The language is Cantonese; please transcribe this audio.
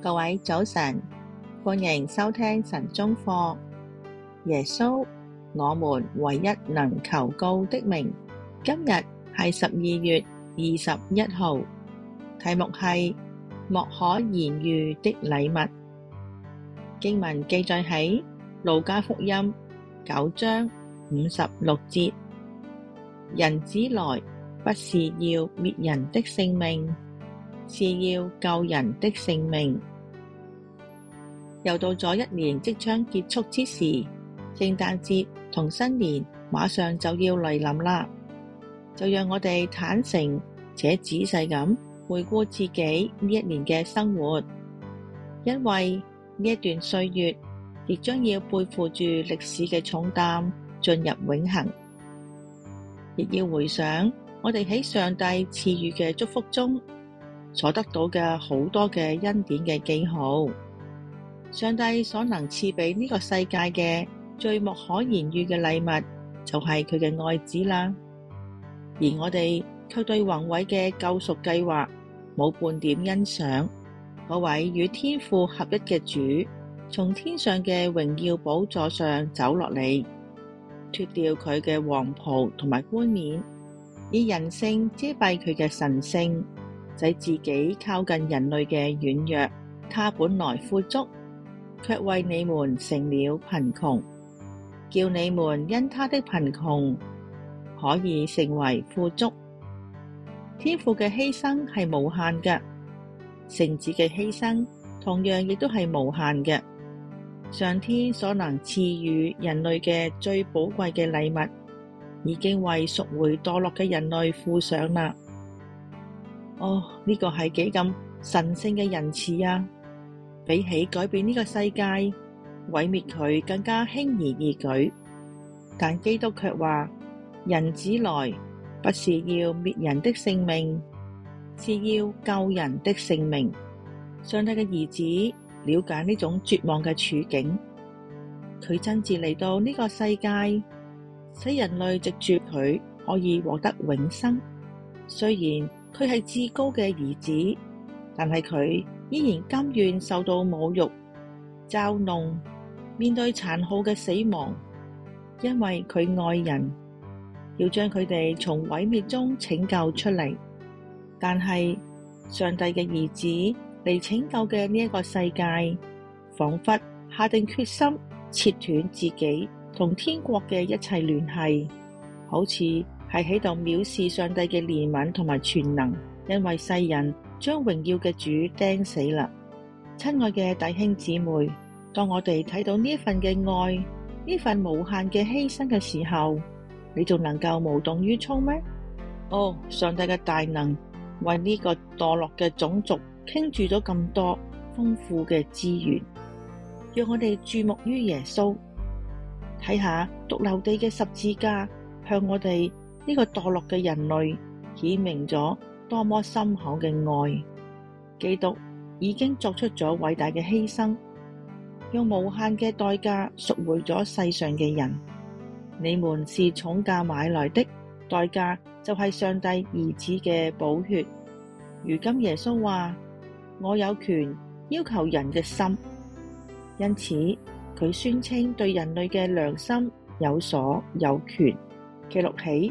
各位早晨，歡迎收聽晨鐘課。耶穌，我們唯一能求告的名。今日係十二月二十一號，題目係莫可言喻的禮物。經文記載喺路加福音九章五十六節，人子來不是要滅人的性命。是要救人的性命。又到咗一年即將結束之時，聖誕節同新年馬上就要來臨啦。就讓我哋坦誠且仔細咁回顧自己呢一年嘅生活，因為呢一段歲月亦將要背負住歷史嘅重擔進入永恆，亦要回想我哋喺上帝賜予嘅祝福中。所得到嘅好多嘅恩典嘅記號，上帝所能賜俾呢個世界嘅最莫可言喻嘅禮物，就係佢嘅愛子啦。而我哋卻對宏偉嘅救贖計劃冇半點欣賞。嗰位與天父合一嘅主，從天上嘅榮耀寶座上走落嚟，脫掉佢嘅皇袍同埋冠冕，以人性遮蔽佢嘅神聖。使自己靠近人類嘅軟弱，他本來富足，卻為你們成了貧窮，叫你們因他的貧窮可以成為富足。天父嘅犧牲係無限嘅，聖子嘅犧牲同樣亦都係無限嘅。上天所能賜予人類嘅最寶貴嘅禮物，已經為贖回墮落嘅人類付上啦。哦，呢個係幾咁神聖嘅仁慈啊！比起改變呢個世界、毀滅佢，更加輕而易舉。但基督卻話：人子來不是要滅人的性命，是要救人的性命。上帝嘅兒子了解呢種絕望嘅處境，佢親自嚟到呢個世界，使人類藉住佢可以獲得永生。雖然，佢係至高嘅兒子，但係佢依然甘願受到侮辱、嘲弄，面對殘酷嘅死亡。因為佢愛人要將佢哋從毀滅中拯救出嚟，但係上帝嘅兒子嚟拯救嘅呢一個世界，仿佛下定決心切斷自己同天國嘅一切聯繫，好似。係喺度藐視上帝嘅憐憫同埋全能，因為世人將榮耀嘅主釘死啦。親愛嘅弟兄姊妹，當我哋睇到呢一份嘅愛，呢份無限嘅犧牲嘅時候，你仲能夠無動於衷咩？哦，上帝嘅大能為呢個墮落嘅種族傾注咗咁多豐富嘅資源，讓我哋注目於耶穌，睇下髑髏地嘅十字架向我哋。呢個墮落嘅人類顯明咗多麼深厚嘅愛。基督已經作出咗偉大嘅犧牲，用無限嘅代價贖回咗世上嘅人。你們是重價買來的，代價就係上帝兒子嘅寶血。如今耶穌話：我有權要求人嘅心，因此佢宣稱對人類嘅良心有所有權。記錄起。